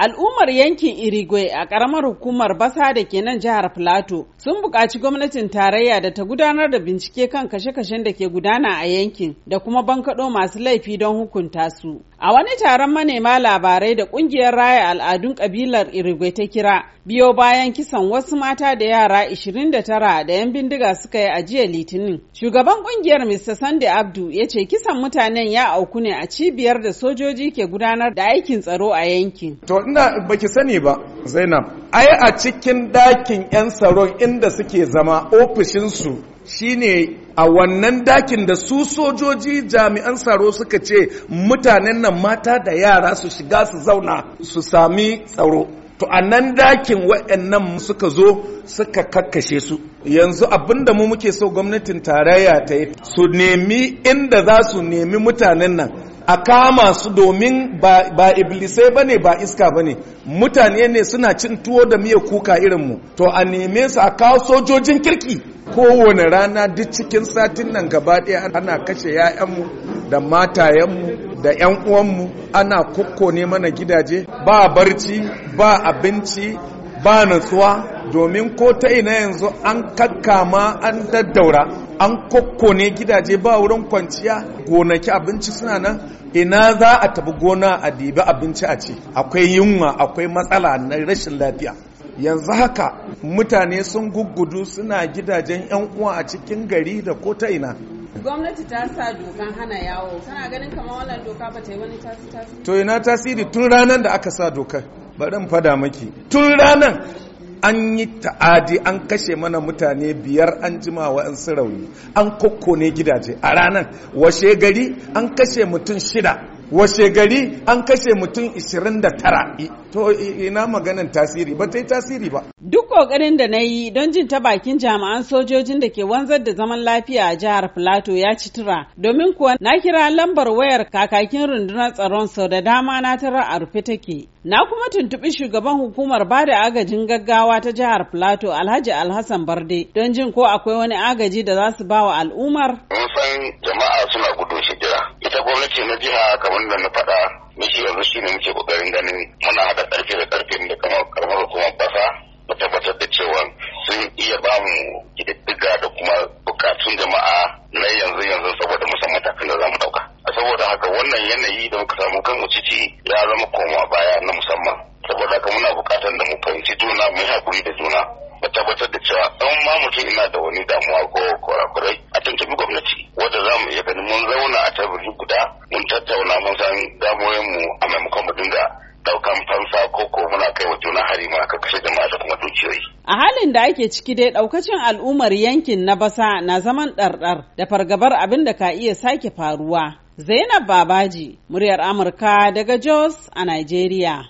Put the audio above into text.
Al'ummar yankin Irigwe a ƙaramar hukumar basa da ke nan jihar Filato sun buƙaci gwamnatin tarayya da ta gudanar da bincike kan kashe-kashen da ke gudana a yankin da kuma bankaɗo masu laifi don hukunta su. A wani taron manema labarai da kungiyar raya al'adun kabilar Irigwe ta kira biyo bayan kisan wasu mata da yara 29 da 'yan bindiga suka yi a jiya litinin. Shugaban kungiyar Mr. Sunday Abdu ya ce kisan mutanen ya auku ne a cibiyar da sojoji ke gudanar da aikin tsaro a yankin. To ina baki sani ba Zainab, ai a cikin dakin 'yan tsaron inda suke zama ofishinsu shine a wannan dakin da su sojoji jami'an tsaro suka ce mutanen nan mata da yara su shiga su zauna su sami tsaro to a nan dakin waɗannan suka zo suka kakkashe su yanzu abinda mu muke so gwamnatin tarayya ta yi su nemi inda za su nemi mutanen nan a kama su domin ba iblisai ba ne ba iska ba ne mutane ne suna cin tuwo da miya kuka irinmu to a neme su a kawo sojojin kirki kowane rana duk cikin satin nan gaba ɗaya ana kashe 'ya'yanmu da matayenmu da 'yan uwanmu ana ne mana gidaje ba barci ba abinci ba nutsuwa domin ko ta ina yanzu an kakkama an daddaura an kokkone gidaje ba wurin kwanciya gonaki abinci suna nan ina za a tabi gona a dibi abinci a ce akwai yunwa akwai matsala na rashin lafiya yanzu haka mutane sun guggudu suna gidajen 'yan uwa a cikin gari da ko ta ina gwamnati ta sa dokan hana yawo tana ganin kamar wannan doka ba ta yi wani tasiri to ina tasiri tun ranar da aka sa dokar barin fada maki tun ranar an yi ta'adi an kashe mana mutane biyar an jima an rauni an kokkone gidaje a ranar washe gari an kashe mutum shida washe gari an kashe mutum 29 to ina maganin tasiri ba ta yi tasiri ba duk kokarin da na yi don jin ta bakin jami'an sojojin da ke wanzar da zaman lafiya a jihar plateau ya ci tura domin kuwa na kira lambar wayar kakakin rundunar tsaron sau da dama na tara a rufe take na kuma tuntuɓi shugaban hukumar ba da agajin gaggawa ta jihar plateau alhaji alhassan barde don jin ko akwai wani agaji da za su ba wa al'ummar jama'a gwamnati na jiha kamar da na faɗa mishi yanzu shi ne muke ƙoƙarin ganin muna haɗa ƙarfi da ƙarfi da kamar karamar hukumar ƙasa mu tabbatar da cewa sun iya ba mu ƙididdiga da kuma buƙatun jama'a na yanzu yanzu saboda musamman matakan da za mu ɗauka. Saboda haka wannan yanayi da muka samu kan ciki ya zama koma baya na musamman. Saboda haka muna buƙatar da mu fahimci juna mu yi haƙuri da juna. Mu tabbatar da cewa ɗan ma mutum ina da wani damuwa ko a maimakon mu dinga daukan fansa ko ko muna kai wa juna hari ka kashe jama'a da kuma dukiyoyi. A halin da ake ciki dai daukacin al'ummar yankin na basa na zaman ɗarɗar da fargabar abin da ka iya sake faruwa. Zainab Babaji, muryar Amurka daga Jos a Nigeria.